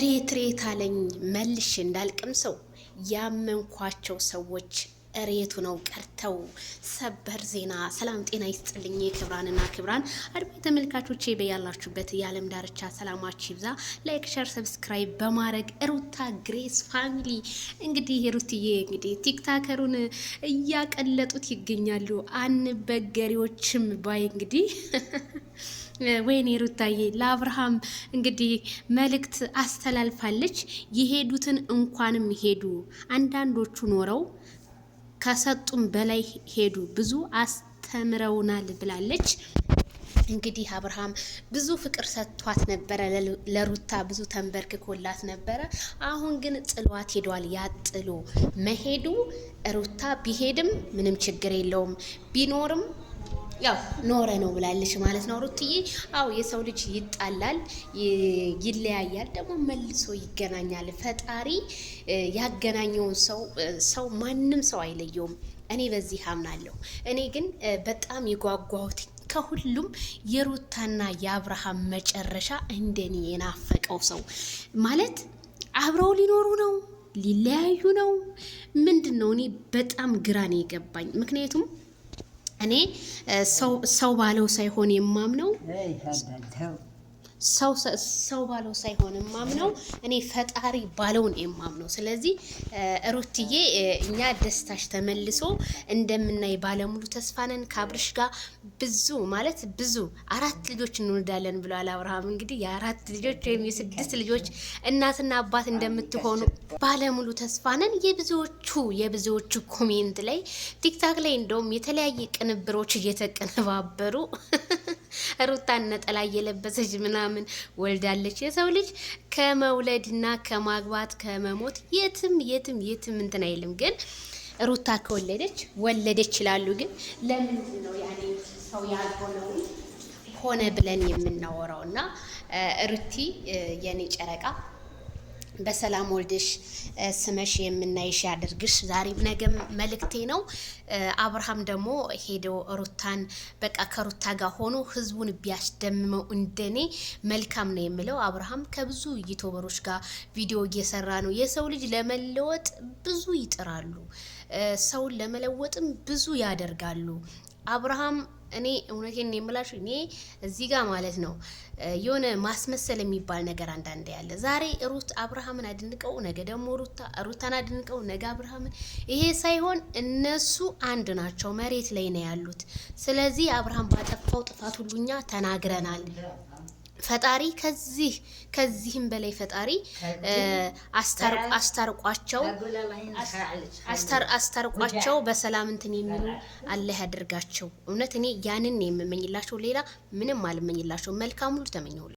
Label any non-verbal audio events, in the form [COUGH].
ሬት ሬት አለኝ መልሽ እንዳልቅም ሰው ያመንኳቸው ሰዎች እሬቱ ነው ቀርተው ሰበር ዜና። ሰላም ጤና ይስጥልኝ ክብራንና ክብራን አድማጭ ተመልካቾቼ በያላችሁበት የዓለም ዳርቻ ሰላማችሁ ይብዛ። ላይክ፣ ሸር፣ ሰብስክራይብ በማድረግ ሩታ ግሬስ ፋሚሊ እንግዲህ ሩትዬ እንግዲህ ቲክታከሩን እያቀለጡት ይገኛሉ። አንበገሪዎችም ባይ እንግዲህ [LAUGHS] ወይኔ ሩታዬ ለአብርሃም እንግዲህ መልእክት አስተላልፋለች። የሄዱትን እንኳንም ሄዱ አንዳንዶቹ ኖረው ከሰጡም በላይ ሄዱ፣ ብዙ አስተምረውናል ብላለች። እንግዲህ አብርሃም ብዙ ፍቅር ሰጥቷት ነበረ፣ ለሩታ ብዙ ተንበርክኮላት ነበረ። አሁን ግን ጥሏት ሄዷል። ያጥሎ መሄዱ ሩታ ቢሄድም ምንም ችግር የለውም ቢኖርም ያው ኖረ ነው ብላለች ማለት ነው ሩትዬ። አው የሰው ልጅ ይጣላል፣ ይለያያል፣ ደግሞ መልሶ ይገናኛል። ፈጣሪ ያገናኘውን ሰው ሰው ማንም ሰው አይለየውም። እኔ በዚህ አምናለሁ። እኔ ግን በጣም የጓጓሁት ከሁሉም የሩታና የአብርሃም መጨረሻ እንደኔ የናፈቀው ሰው ማለት አብረው ሊኖሩ ነው ሊለያዩ ነው ምንድን ነው? እኔ በጣም ግራ ነው የገባኝ ምክንያቱም እኔ ሰው ባለው ሳይሆን የማምነው ሰው ባለው ሳይሆን የማምነው እኔ ፈጣሪ ባለው ነው የማምነው። ስለዚህ ሩትዬ እኛ ደስታሽ ተመልሶ እንደምናይ ባለሙሉ ተስፋ ነን። ከአብርሽ ጋር ብዙ ማለት ብዙ አራት ልጆች እንወልዳለን ብለዋል አብርሃም። እንግዲህ የአራት ልጆች ወይም የስድስት ልጆች እናትና አባት እንደምትሆኑ ባለሙሉ ተስፋ ነን። የብዙዎቹ የብዙዎቹ ኮሜንት ላይ ቲክታክ ላይ እንደውም የተለያየ ቅንብሮች እየተቀነባበሩ [LAUGHS] ሩታን ነጠላ እየለበሰች ምናምን ወልዳለች። የሰው ልጅ ከመውለድና ከማግባት ከመሞት የትም የትም የትም እንትን አይልም። ግን ሩታ ከወለደች ወለደች ይላሉ። ግን ለምንድን ነው ያኔ ሰው ያልሆነው ሆነ ብለን የምናወራው? እና ሩቲ የኔ ጨረቃ በሰላም ወልደሽ ስመሽ የምናይሽ ያድርግሽ። ዛሬም ነገም መልእክቴ ነው። አብርሃም ደግሞ ሄዶ ሩታን በቃ ከሩታ ጋር ሆኖ ህዝቡን ቢያስደምመው እንደኔ መልካም ነው የምለው። አብርሃም ከብዙ ዩቱበሮች ጋር ቪዲዮ እየሰራ ነው። የሰው ልጅ ለመለወጥ ብዙ ይጥራሉ፣ ሰውን ለመለወጥም ብዙ ያደርጋሉ። አብርሃም እኔ እውነቴን የምላችሁ እኔ እዚህ ጋር ማለት ነው የሆነ ማስመሰል የሚባል ነገር አንዳንዴ ያለ። ዛሬ ሩት አብርሃምን አድንቀው፣ ነገ ደግሞ ሩታን አድንቀው፣ ነገ አብርሃምን። ይሄ ሳይሆን እነሱ አንድ ናቸው፣ መሬት ላይ ነው ያሉት። ስለዚህ አብርሃም ባጠፋው ጥፋት ሁሉኛ ተናግረናል። ፈጣሪ ከዚህ ከዚህም በላይ ፈጣሪ አስታርቋቸው አስታርቋቸው በሰላም እንትን የሚሉ አላህ ያደርጋቸው። እውነት እኔ ያንን የምመኝላቸው ሌላ ምንም አልመኝላቸው። መልካም ሁሉ ተመኘሁላቸው።